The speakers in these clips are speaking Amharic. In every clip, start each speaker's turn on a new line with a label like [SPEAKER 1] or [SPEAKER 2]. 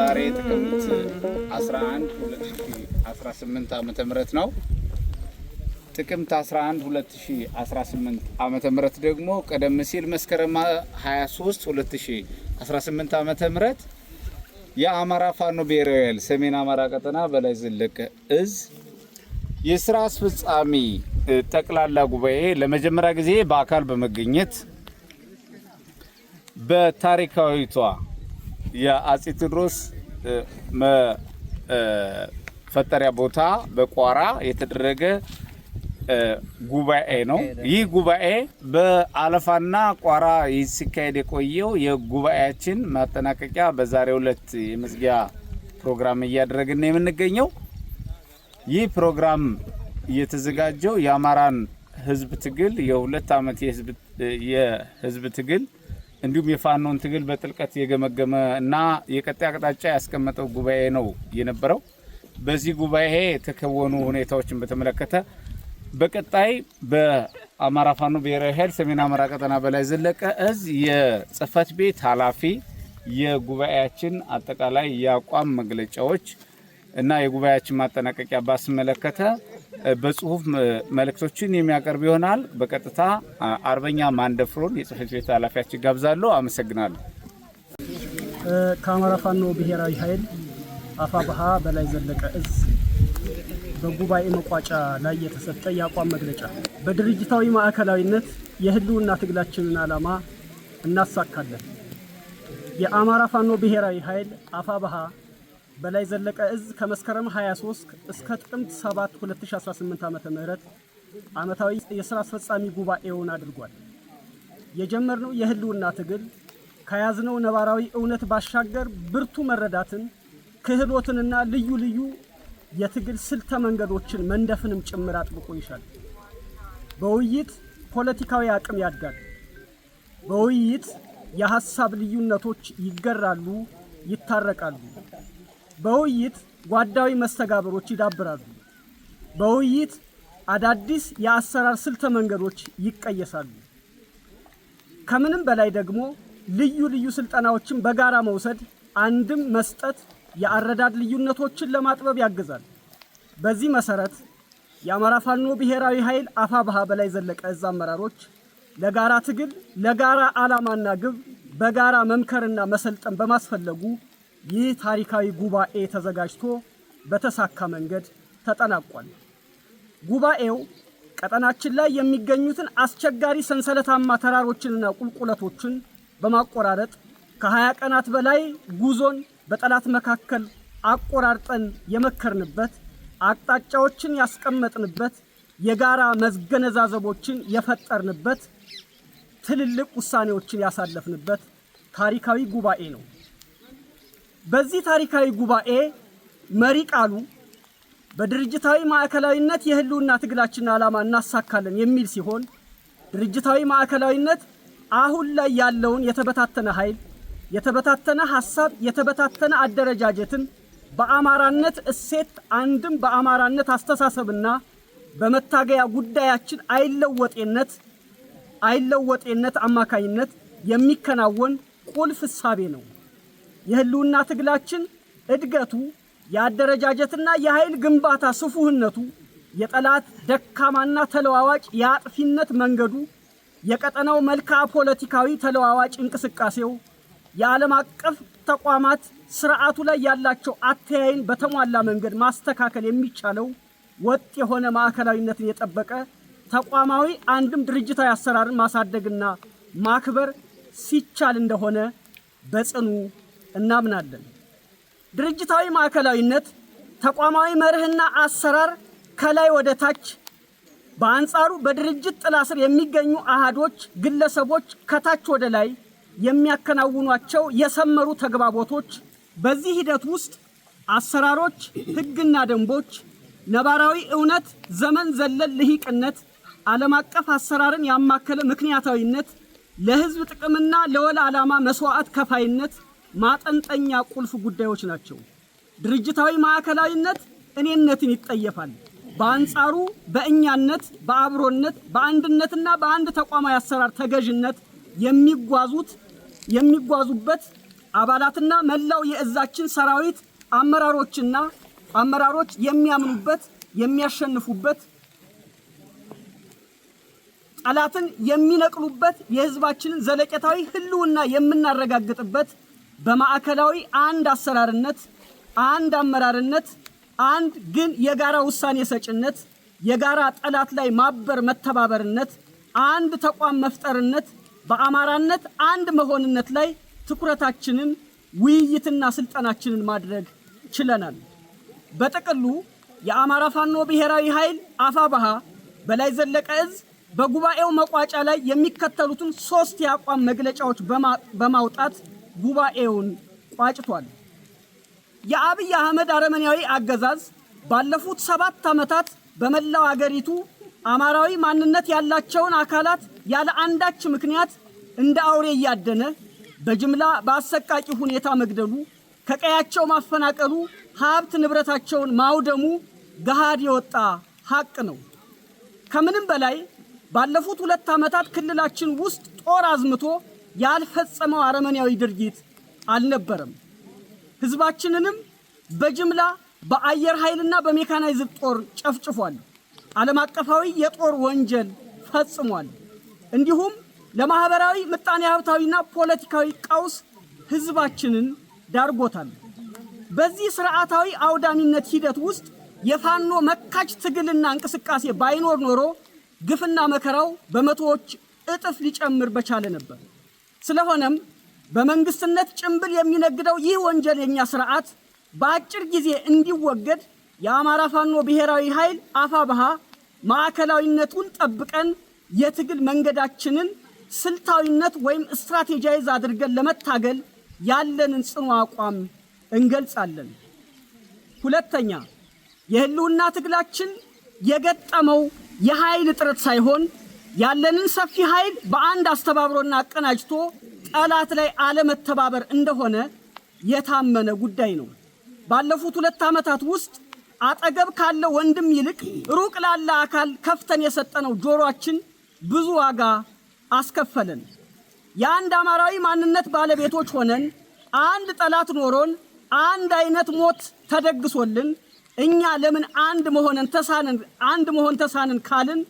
[SPEAKER 1] ዛሬ ጥቅምት 11 2018 ም ነው። ጥቅምት 11 2018 ዓ ም ደግሞ ቀደም ሲል መስከረም 23 2018 ዓ ም የአማራ ፋኖ ብሔራዊ ኃይል ሰሜን አማራ ቀጠና በላይ ዘለቀ እዝ የስራ አስፈጻሚ ጠቅላላ ጉባኤ ለመጀመሪያ ጊዜ በአካል በመገኘት በታሪካዊቷ የአጼ ቴዎድሮስ መፈጠሪያ ቦታ በቋራ የተደረገ ጉባኤ ነው። ይህ ጉባኤ በአለፋና ቋራ ሲካሄድ የቆየው የጉባኤያችን ማጠናቀቂያ በዛሬ ሁለት የመዝጊያ ፕሮግራም እያደረግን የምንገኘው። ይህ ፕሮግራም የተዘጋጀው የአማራን ሕዝብ ትግል የሁለት ዓመት የሕዝብ ትግል እንዲሁም የፋኖን ትግል በጥልቀት የገመገመ እና የቀጣይ አቅጣጫ ያስቀመጠው ጉባኤ ነው የነበረው። በዚህ ጉባኤ የተከወኑ ሁኔታዎችን በተመለከተ በቀጣይ በአማራ ፋኖ ብሔራዊ ኃይል ሰሜን አማራ ቀጠና በላይ ዘለቀ እዝ የጽህፈት ቤት ኃላፊ የጉባኤያችን አጠቃላይ የአቋም መግለጫዎች እና የጉባኤያችን ማጠናቀቂያ ባስመለከተ በጽሁፍ መልእክቶችን የሚያቀርብ ይሆናል። በቀጥታ አርበኛ ማንደፍሮን የጽህፈት ቤት ኃላፊያችን ጋብዛለሁ። አመሰግናለሁ።
[SPEAKER 2] ከአማራ ፋኖ ብሔራዊ ኃይል አፋ ባሃ በላይ ዘለቀ እዝ በጉባኤ መቋጫ ላይ የተሰጠ የአቋም መግለጫ በድርጅታዊ ማዕከላዊነት የህልውና ትግላችንን ዓላማ እናሳካለን። የአማራ ፋኖ ብሔራዊ ኃይል አፋ ባሃ በላይ ዘለቀ እዝ ከመስከረም 23 እስከ ጥቅምት 7 2018 ዓ.ም ዓመታዊ የሥራ አስፈጻሚ ጉባኤውን አድርጓል። የጀመርነው የህልውና ትግል ከያዝነው ነባራዊ እውነት ባሻገር ብርቱ መረዳትን ክህሎትንና ልዩ ልዩ የትግል ስልተ መንገዶችን መንደፍንም ጭምር አጥብቆ ይሻል። በውይይት ፖለቲካዊ አቅም ያድጋል። በውይይት የሐሳብ ልዩነቶች ይገራሉ፣ ይታረቃሉ። በውይይት ጓዳዊ መስተጋብሮች ይዳብራሉ። በውይይት አዳዲስ የአሰራር ስልተ መንገዶች ይቀየሳሉ። ከምንም በላይ ደግሞ ልዩ ልዩ ስልጠናዎችን በጋራ መውሰድ፣ አንድም መስጠት የአረዳድ ልዩነቶችን ለማጥበብ ያግዛል። በዚህ መሰረት የአማራ ፋኖ ብሔራዊ ኃይል አፋብሃ በላይ ዘለቀ እዝ አመራሮች ለጋራ ትግል ለጋራ ዓላማና ግብ በጋራ መምከርና መሰልጠን በማስፈለጉ ይህ ታሪካዊ ጉባኤ ተዘጋጅቶ በተሳካ መንገድ ተጠናቋል። ጉባኤው ቀጠናችን ላይ የሚገኙትን አስቸጋሪ ሰንሰለታማ ተራሮችንና ቁልቁለቶችን በማቆራረጥ ከ20 ቀናት በላይ ጉዞን በጠላት መካከል አቆራርጠን የመከርንበት፣ አቅጣጫዎችን ያስቀመጥንበት፣ የጋራ መገነዛዘቦችን የፈጠርንበት፣ ትልልቅ ውሳኔዎችን ያሳለፍንበት ታሪካዊ ጉባኤ ነው። በዚህ ታሪካዊ ጉባኤ መሪ ቃሉ በድርጅታዊ ማዕከላዊነት የህልውና ትግላችንን ዓላማ እናሳካለን የሚል ሲሆን ድርጅታዊ ማዕከላዊነት አሁን ላይ ያለውን የተበታተነ ኃይል፣ የተበታተነ ሀሳብ፣ የተበታተነ አደረጃጀትን በአማራነት እሴት አንድም በአማራነት አስተሳሰብና በመታገያ ጉዳያችን አይለወጤነት አይለወጤነት አማካኝነት የሚከናወን ቁልፍ እሳቤ ነው። የህልውና ትግላችን እድገቱ የአደረጃጀትና የኃይል ግንባታ ስፉህነቱ የጠላት ደካማና ተለዋዋጭ የአጥፊነት መንገዱ የቀጠናው መልክዓ ፖለቲካዊ ተለዋዋጭ እንቅስቃሴው የዓለም አቀፍ ተቋማት ስርዓቱ ላይ ያላቸው አተያይን በተሟላ መንገድ ማስተካከል የሚቻለው ወጥ የሆነ ማዕከላዊነትን የጠበቀ ተቋማዊ አንድም ድርጅታዊ አሰራርን ማሳደግና ማክበር ሲቻል እንደሆነ በጽኑ እናምናለን። ድርጅታዊ ማዕከላዊነት ተቋማዊ መርህና አሰራር ከላይ ወደ ታች፣ በአንጻሩ በድርጅት ጥላ ስር የሚገኙ አሃዶች፣ ግለሰቦች ከታች ወደ ላይ የሚያከናውኗቸው የሰመሩ ተግባቦቶች፣ በዚህ ሂደት ውስጥ አሰራሮች፣ ህግና ደንቦች፣ ነባራዊ እውነት፣ ዘመን ዘለል ልሂቅነት፣ ዓለም አቀፍ አሰራርን ያማከለ ምክንያታዊነት፣ ለህዝብ ጥቅምና ለወል ዓላማ መስዋዕት ከፋይነት ማጠንጠኛ ቁልፍ ጉዳዮች ናቸው። ድርጅታዊ ማዕከላዊነት እኔነትን ይጠየፋል። በአንጻሩ በእኛነት፣ በአብሮነት፣ በአንድነትና በአንድ ተቋማዊ አሰራር ተገዥነት የሚጓዙት የሚጓዙበት አባላትና መላው የእዛችን ሰራዊት አመራሮችና አመራሮች የሚያምኑበት የሚያሸንፉበት ጠላትን የሚነቅሉበት የህዝባችንን ዘለቄታዊ ህልውና የምናረጋግጥበት በማዕከላዊ አንድ አሰራርነት፣ አንድ አመራርነት፣ አንድ ግን የጋራ ውሳኔ ሰጭነት፣ የጋራ ጠላት ላይ ማበር መተባበርነት፣ አንድ ተቋም መፍጠርነት፣ በአማራነት አንድ መሆንነት ላይ ትኩረታችንን ውይይትና ስልጠናችንን ማድረግ ችለናል። በጥቅሉ የአማራ ፋኖ ብሔራዊ ኃይል አፋባሃ በላይ ዘለቀ እዝ በጉባኤው መቋጫ ላይ የሚከተሉትን ሶስት የአቋም መግለጫዎች በማውጣት ጉባኤውን ቋጭቷል። የአብይ አህመድ አረመኔያዊ አገዛዝ ባለፉት ሰባት ዓመታት በመላው አገሪቱ አማራዊ ማንነት ያላቸውን አካላት ያለ አንዳች ምክንያት እንደ አውሬ እያደነ በጅምላ በአሰቃቂ ሁኔታ መግደሉ፣ ከቀያቸው ማፈናቀሉ፣ ሀብት ንብረታቸውን ማውደሙ ገሃድ የወጣ ሀቅ ነው። ከምንም በላይ ባለፉት ሁለት ዓመታት ክልላችን ውስጥ ጦር አዝምቶ ያልፈጸመው አረመኔያዊ ድርጊት አልነበረም። ህዝባችንንም በጅምላ በአየር ኃይልና በሜካናይዝድ ጦር ጨፍጭፏል። ዓለም አቀፋዊ የጦር ወንጀል ፈጽሟል። እንዲሁም ለማህበራዊ ምጣኔ ሀብታዊና ፖለቲካዊ ቀውስ ህዝባችንን ዳርጎታል። በዚህ ስርዓታዊ አውዳሚነት ሂደት ውስጥ የፋኖ መካች ትግልና እንቅስቃሴ ባይኖር ኖሮ ግፍና መከራው በመቶዎች እጥፍ ሊጨምር በቻለ ነበር። ስለሆነም በመንግስትነት ጭምብል የሚነግደው ይህ ወንጀለኛ ስርዓት በአጭር ጊዜ እንዲወገድ የአማራ ፋኖ ብሔራዊ ኃይል አፋብሃ ማዕከላዊነቱን ጠብቀን የትግል መንገዳችንን ስልታዊነት ወይም ስትራቴጂይዝ አድርገን ለመታገል ያለንን ጽኑ አቋም እንገልጻለን። ሁለተኛ፣ የህልውና ትግላችን የገጠመው የኃይል እጥረት ሳይሆን ያለንን ሰፊ ኃይል በአንድ አስተባብሮና አቀናጅቶ ጠላት ላይ አለመተባበር እንደሆነ የታመነ ጉዳይ ነው። ባለፉት ሁለት ዓመታት ውስጥ አጠገብ ካለ ወንድም ይልቅ ሩቅ ላለ አካል ከፍተን የሰጠነው ጆሮአችን ብዙ ዋጋ አስከፈለን። የአንድ አማራዊ ማንነት ባለቤቶች ሆነን አንድ ጠላት ኖሮን አንድ አይነት ሞት ተደግሶልን እኛ ለምን አንድ መሆን ተሳንን አንድ መሆን ተሳንን ካልን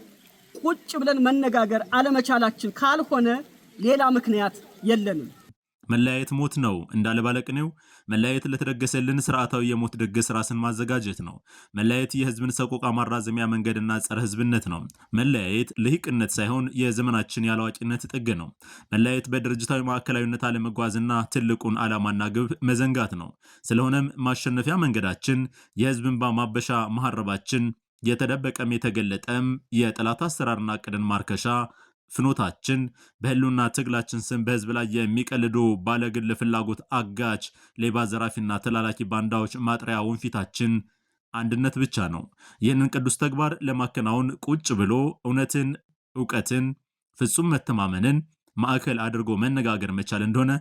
[SPEAKER 2] ቁጭ ብለን መነጋገር አለመቻላችን ካልሆነ ሌላ ምክንያት የለንም።
[SPEAKER 3] መለያየት ሞት ነው እንዳለ ባለቅኔው፣ መለያየት ለተደገሰልን ስርዓታዊ የሞት ድግስ ራስን ማዘጋጀት ነው። መለያየት የህዝብን ሰቆቃ ማራዘሚያ መንገድና ጸረ ህዝብነት ነው። መለያየት ልሂቅነት ሳይሆን የዘመናችን ያለዋቂነት ጥግ ነው። መለያየት በድርጅታዊ ማዕከላዊነት አለመጓዝና ትልቁን ዓላማና ግብ መዘንጋት ነው። ስለሆነም ማሸነፊያ መንገዳችን የህዝብን ባማበሻ መሐረባችን የተደበቀም የተገለጠም የጠላት አሰራርና ቅድን ማርከሻ ፍኖታችን በህልውና ትግላችን ስም በህዝብ ላይ የሚቀልዱ ባለግል ፍላጎት አጋች ሌባ፣ ዘራፊና ተላላኪ ባንዳዎች ማጥሪያ ወንፊታችን አንድነት ብቻ ነው። ይህንን ቅዱስ ተግባር ለማከናወን ቁጭ ብሎ እውነትን፣ እውቀትን፣ ፍጹም መተማመንን ማዕከል አድርጎ መነጋገር መቻል እንደሆነ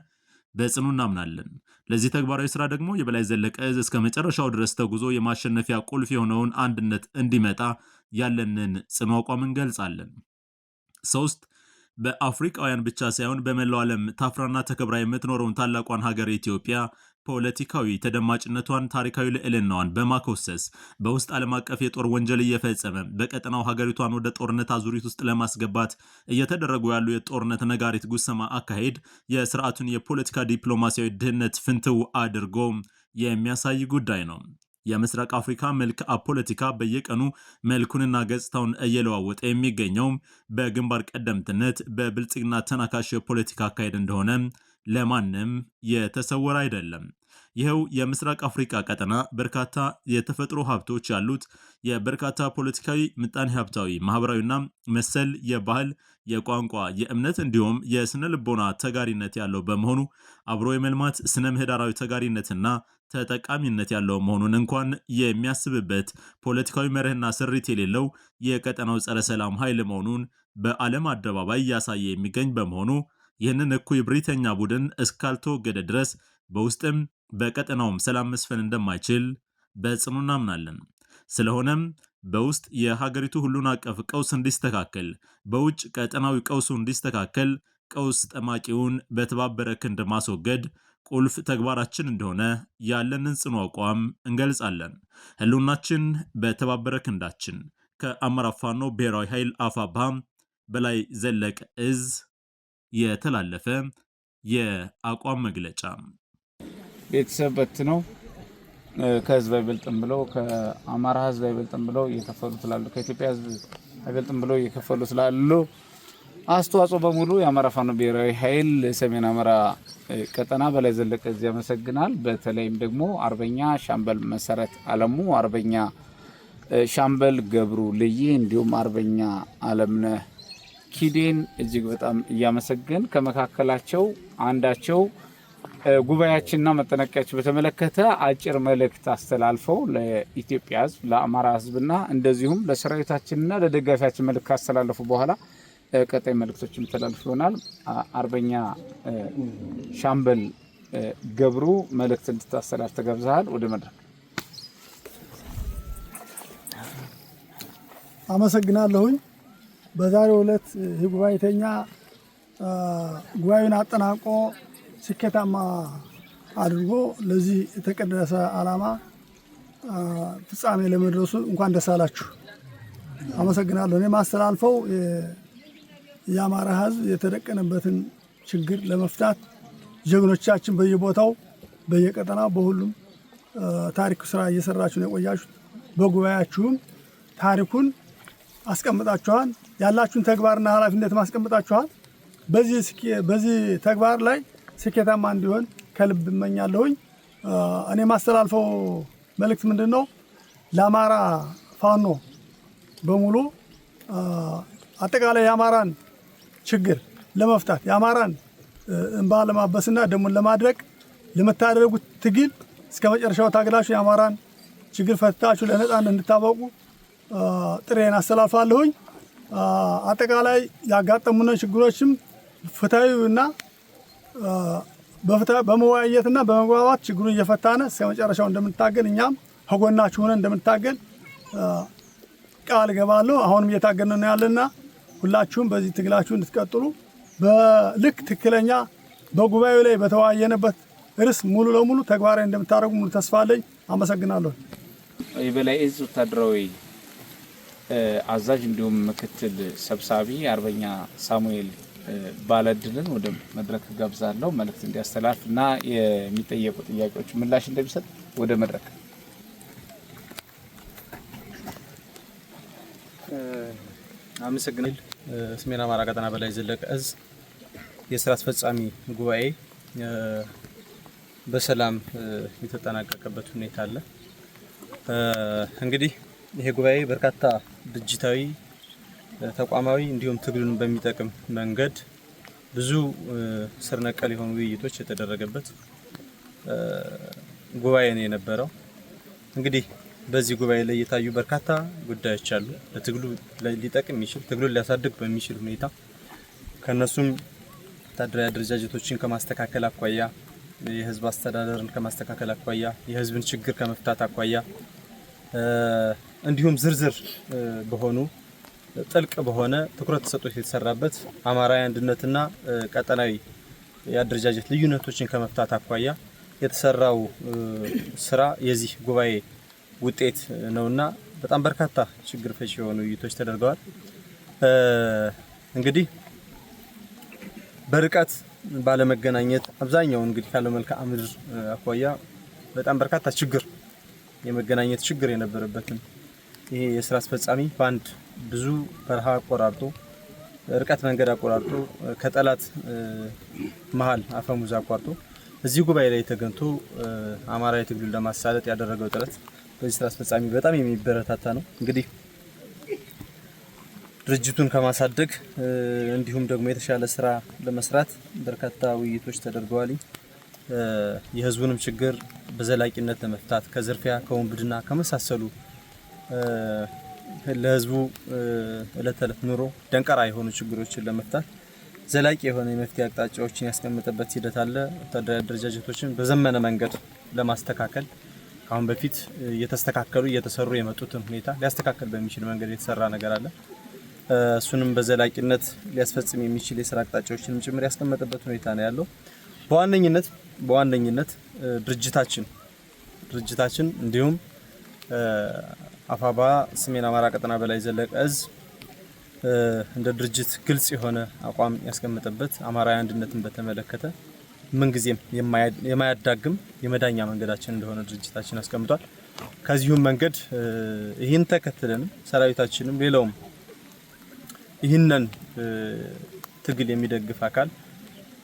[SPEAKER 3] በጽኑ እናምናለን። ለዚህ ተግባራዊ ስራ ደግሞ የበላይ ዘለቀ እዝ እስከ መጨረሻው ድረስ ተጉዞ የማሸነፊያ ቁልፍ የሆነውን አንድነት እንዲመጣ ያለንን ጽኑ አቋም እንገልጻለን። ሶስት በአፍሪቃውያን ብቻ ሳይሆን በመላው ዓለም ታፍራና ተከብራ የምትኖረውን ታላቋን ሀገር ኢትዮጵያ ፖለቲካዊ ተደማጭነቷን፣ ታሪካዊ ልዕልናዋን በማኮሰስ በውስጥ ዓለም አቀፍ የጦር ወንጀል እየፈጸመ በቀጠናው ሀገሪቷን ወደ ጦርነት አዙሪት ውስጥ ለማስገባት እየተደረጉ ያሉ የጦርነት ነጋሪት ጉሰማ አካሄድ የስርዓቱን የፖለቲካ ዲፕሎማሲያዊ ድህነት ፍንትው አድርጎ የሚያሳይ ጉዳይ ነው። የምስራቅ አፍሪካ መልክዓ ፖለቲካ በየቀኑ መልኩንና ገጽታውን እየለዋወጠ የሚገኘው በግንባር ቀደምትነት በብልጽግና ተናካሽ የፖለቲካ አካሄድ እንደሆነ ለማንም የተሰወረ አይደለም። ይኸው የምስራቅ አፍሪካ ቀጠና በርካታ የተፈጥሮ ሀብቶች ያሉት የበርካታ ፖለቲካዊ፣ ምጣኔ ሀብታዊ፣ ማህበራዊና መሰል የባህል፣ የቋንቋ፣ የእምነት እንዲሁም የስነ ልቦና ተጋሪነት ያለው በመሆኑ አብሮ የመልማት ስነ ምህዳራዊ ተጋሪነትና ተጠቃሚነት ያለው መሆኑን እንኳን የሚያስብበት ፖለቲካዊ መርህና ስሪት የሌለው የቀጠናው ጸረ ሰላም ኃይል መሆኑን በዓለም አደባባይ እያሳየ የሚገኝ በመሆኑ ይህንን እኩይ ብሪተኛ ቡድን እስካልተወገደ ድረስ በውስጥም በቀጠናውም ሰላም መስፈን እንደማይችል በጽኑ እናምናለን። ስለሆነም በውስጥ የሀገሪቱ ሁሉን አቀፍ ቀውስ እንዲስተካከል፣ በውጭ ቀጠናዊ ቀውሱ እንዲስተካከል ቀውስ ጠማቂውን በተባበረ ክንድ ማስወገድ ቁልፍ ተግባራችን እንደሆነ ያለንን ጽኑ አቋም እንገልጻለን። ህልውናችን በተባበረ ክንዳችን። ከአማራ ፋኖ ብሔራዊ ኃይል አፋባ በላይ ዘለቀ እዝ የተላለፈ የአቋም መግለጫ
[SPEAKER 1] ቤተሰብ በት ነው ከህዝብ አይበልጥም ብለው ከአማራ ህዝብ አይበልጥም ብለው እየከፈሉ ስላሉ ከኢትዮጵያ ህዝብ አይበልጥም ብለው እየከፈሉ ስላሉ አስተዋጽኦ በሙሉ የአማራ ፋኖ ብሔራዊ ኃይል ሰሜን አማራ ቀጠና በላይ ዘለቀ እዚህ ያመሰግናል። በተለይም ደግሞ አርበኛ ሻምበል መሰረት አለሙ፣ አርበኛ ሻምበል ገብሩ ልይ፣ እንዲሁም አርበኛ አለምነ ኪዴን እጅግ በጣም እያመሰገን ከመካከላቸው አንዳቸው ጉባኤያችንና መጠናቀቂያችን በተመለከተ አጭር መልእክት አስተላልፈው ለኢትዮጵያ ህዝብ ለአማራ ህዝብና እንደዚሁም ለሰራዊታችንና ለደጋፊያችን መልእክት ካስተላለፉ በኋላ ቀጣይ መልእክቶች የሚተላልፍ ይሆናል። አርበኛ ሻምበል ገብሩ መልእክት እንድታስተላልፍ ተጋብዘሃል። ወደ መድረክ።
[SPEAKER 4] አመሰግናለሁኝ። በዛሬው ዕለት ጉባኤተኛ ጉባኤውን አጠናቆ ስኬታማ አድርጎ ለዚህ የተቀደሰ ዓላማ ፍጻሜ ለመድረሱ እንኳን ደስ አላችሁ። አመሰግናለሁ። እኔ ማስተላልፈው የአማራ ሕዝብ የተደቀነበትን ችግር ለመፍታት ጀግኖቻችን በየቦታው በየቀጠናው በሁሉም ታሪክ ስራ እየሰራችሁ ነው የቆያችሁት። በጉባኤያችሁም ታሪኩን አስቀምጣችኋል። ያላችሁን ተግባርና ኃላፊነት ማስቀምጣችኋል። በዚህ ተግባር ላይ ስኬታማ እንዲሆን ከልብ እመኛለሁኝ። እኔ ማስተላልፈው መልእክት ምንድን ነው? ለአማራ ፋኖ በሙሉ አጠቃላይ የአማራን ችግር ለመፍታት የአማራን እንባ ለማበስና ደሙን ለማድረግ ለምታደርጉት ትግል እስከ መጨረሻው ታግላችሁ የአማራን ችግር ፈታችሁ ለነፃነት እንድታበቁ ጥሬን አስተላልፋለሁኝ። አጠቃላይ ያጋጠሙነ ችግሮችም ፍትሐዊና በመወያየትና በመግባባት ችግሩን እየፈታነ እስከ መጨረሻው እንደምንታገል እኛም ከጎናችሁ ሆነን እንደምንታገል ቃል እገባለሁ። አሁንም እየታገልን ነው ያለና ሁላችሁም በዚህ ትግላችሁ እንድትቀጥሉ በልክ ትክክለኛ በጉባኤው ላይ በተወያየንበት ርዕስ ሙሉ ለሙሉ ተግባራዊ እንደምታደርጉ ሙሉ ተስፋ አለኝ። አመሰግናለሁ።
[SPEAKER 1] የበላይ እዝ ወታደራዊ አዛዥ እንዲሁም ምክትል ሰብሳቢ አርበኛ ሳሙኤል ባለድልን ወደ መድረክ ጋብዛለሁ መልእክት እንዲያስተላልፍ እና የሚጠየቁ ጥያቄዎች ምላሽ እንደሚሰጥ ወደ መድረክ አመሰግናል። ሰሜን አማራ ቀጠና በላይ ዘለቀ እዝ የስራ አስፈጻሚ ጉባኤ በሰላም የተጠናቀቀበት ሁኔታ አለ። እንግዲህ ይሄ ጉባኤ በርካታ ድርጅታዊ ተቋማዊ እንዲሁም ትግሉን በሚጠቅም መንገድ ብዙ ስር ነቀል የሆኑ ውይይቶች የተደረገበት ጉባኤ ነው የነበረው። እንግዲህ በዚህ ጉባኤ ላይ የታዩ በርካታ ጉዳዮች አሉ። ለትግሉ ሊጠቅም የሚችል ትግሉን ሊያሳድግ በሚችል ሁኔታ ከነሱም ወታደራዊ አደረጃጀቶችን ከማስተካከል አኳያ፣ የህዝብ አስተዳደርን ከማስተካከል አኳያ፣ የህዝብን ችግር ከመፍታት አኳያ እንዲሁም ዝርዝር በሆኑ ጥልቅ በሆነ ትኩረት ተሰጥቶት የተሰራበት አማራዊ አንድነትና ቀጠናዊ የአደረጃጀት ልዩነቶችን ከመፍታት አኳያ የተሰራው ስራ የዚህ ጉባኤ ውጤት ነውና በጣም በርካታ ችግር ፈች የሆኑ ውይይቶች ተደርገዋል። እንግዲህ በርቀት ባለመገናኘት አብዛኛው እንግዲህ ካለው መልክዓ ምድር አኳያ በጣም በርካታ ችግር የመገናኘት ችግር የነበረበትን ይሄ የስራ አስፈጻሚ በአንድ ብዙ በረሃ አቆራርጦ ርቀት መንገድ አቆራርጦ ከጠላት መሀል አፈሙዝ አቋርጦ እዚህ ጉባኤ ላይ ተገኝቶ አማራዊ ትግሉን ለማሳለጥ ያደረገው ጥረት በዚህ ስራ አስፈጻሚ በጣም የሚበረታታ ነው። እንግዲህ ድርጅቱን ከማሳደግ እንዲሁም ደግሞ የተሻለ ስራ ለመስራት በርካታ ውይይቶች ተደርገዋል። የህዝቡንም ችግር በዘላቂነት ለመፍታት ከዝርፊያ፣ ከወንብድና ከመሳሰሉ ለህዝቡ እለት ተእለት ኑሮ ደንቀራ የሆኑ ችግሮችን ለመፍታት ዘላቂ የሆነ የመፍትሄ አቅጣጫዎችን ያስቀምጠበት ሂደት አለ። ወታደራዊ አደረጃጀቶችን በዘመነ መንገድ ለማስተካከል ከአሁን በፊት እየተስተካከሉ እየተሰሩ የመጡትን ሁኔታ ሊያስተካከል በሚችል መንገድ የተሰራ ነገር አለ። እሱንም በዘላቂነት ሊያስፈጽም የሚችል የስራ አቅጣጫዎችንም ጭምር ያስቀመጠበት ሁኔታ ነው ያለው። በዋነኝነት በዋነኝነት ድርጅታችን ድርጅታችን እንዲሁም አፋባ ሰሜን አማራ ቀጠና በላይ ዘለቀ እዝ እንደ ድርጅት ግልጽ የሆነ አቋም ያስቀመጠበት አማራዊ አንድነትን በተመለከተ ምንጊዜም የማያዳግም የመዳኛ መንገዳችን እንደሆነ ድርጅታችን አስቀምጧል። ከዚሁም መንገድ ይህን ተከትለንም ሰራዊታችንም ሌላውም ይህንን ትግል የሚደግፍ አካል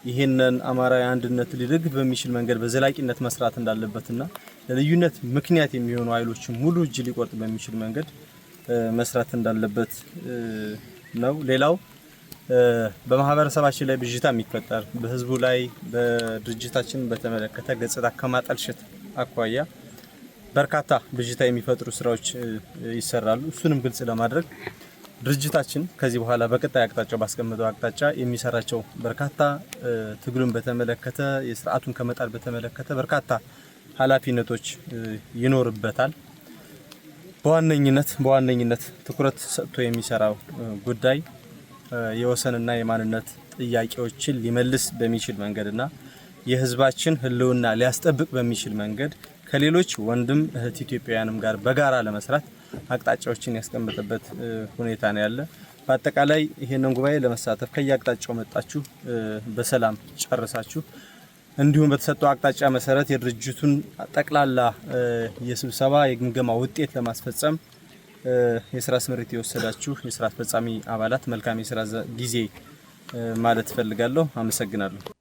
[SPEAKER 1] ይህንን አማራዊ አንድነት ሊደግፍ በሚችል መንገድ በዘላቂነት መስራት እንዳለበትና ለልዩነት ምክንያት የሚሆኑ ኃይሎችን ሙሉ እጅ ሊቆርጥ በሚችል መንገድ መስራት እንዳለበት ነው። ሌላው በማህበረሰባችን ላይ ብዥታ የሚፈጠር በህዝቡ ላይ በድርጅታችን በተመለከተ ገጽታ ከማጠልሸት አኳያ በርካታ ብዥታ የሚፈጥሩ ስራዎች ይሰራሉ። እሱንም ግልጽ ለማድረግ ድርጅታችን ከዚህ በኋላ በቀጣይ አቅጣጫው ባስቀምጠው አቅጣጫ የሚሰራቸው በርካታ ትግሉን በተመለከተ የስርዓቱን ከመጣል በተመለከተ በርካታ ኃላፊነቶች ይኖርበታል። በዋነኝነት በዋነኝነት ትኩረት ሰጥቶ የሚሰራው ጉዳይ የወሰንና የማንነት ጥያቄዎችን ሊመልስ በሚችል መንገድና የህዝባችን ህልውና ሊያስጠብቅ በሚችል መንገድ ከሌሎች ወንድም እህት ኢትዮጵያውያንም ጋር በጋራ ለመስራት አቅጣጫዎችን ያስቀመጠበት ሁኔታ ነው ያለ። በአጠቃላይ ይህንን ጉባኤ ለመሳተፍ ከየአቅጣጫው መጣችሁ በሰላም ጨርሳችሁ እንዲሁም በተሰጠው አቅጣጫ መሰረት የድርጅቱን ጠቅላላ የስብሰባ የግምገማ ውጤት ለማስፈጸም የስራ ስምሪት የወሰዳችሁ የስራ አስፈጻሚ አባላት መልካም የስራ ጊዜ ማለት እፈልጋለሁ። አመሰግናለሁ።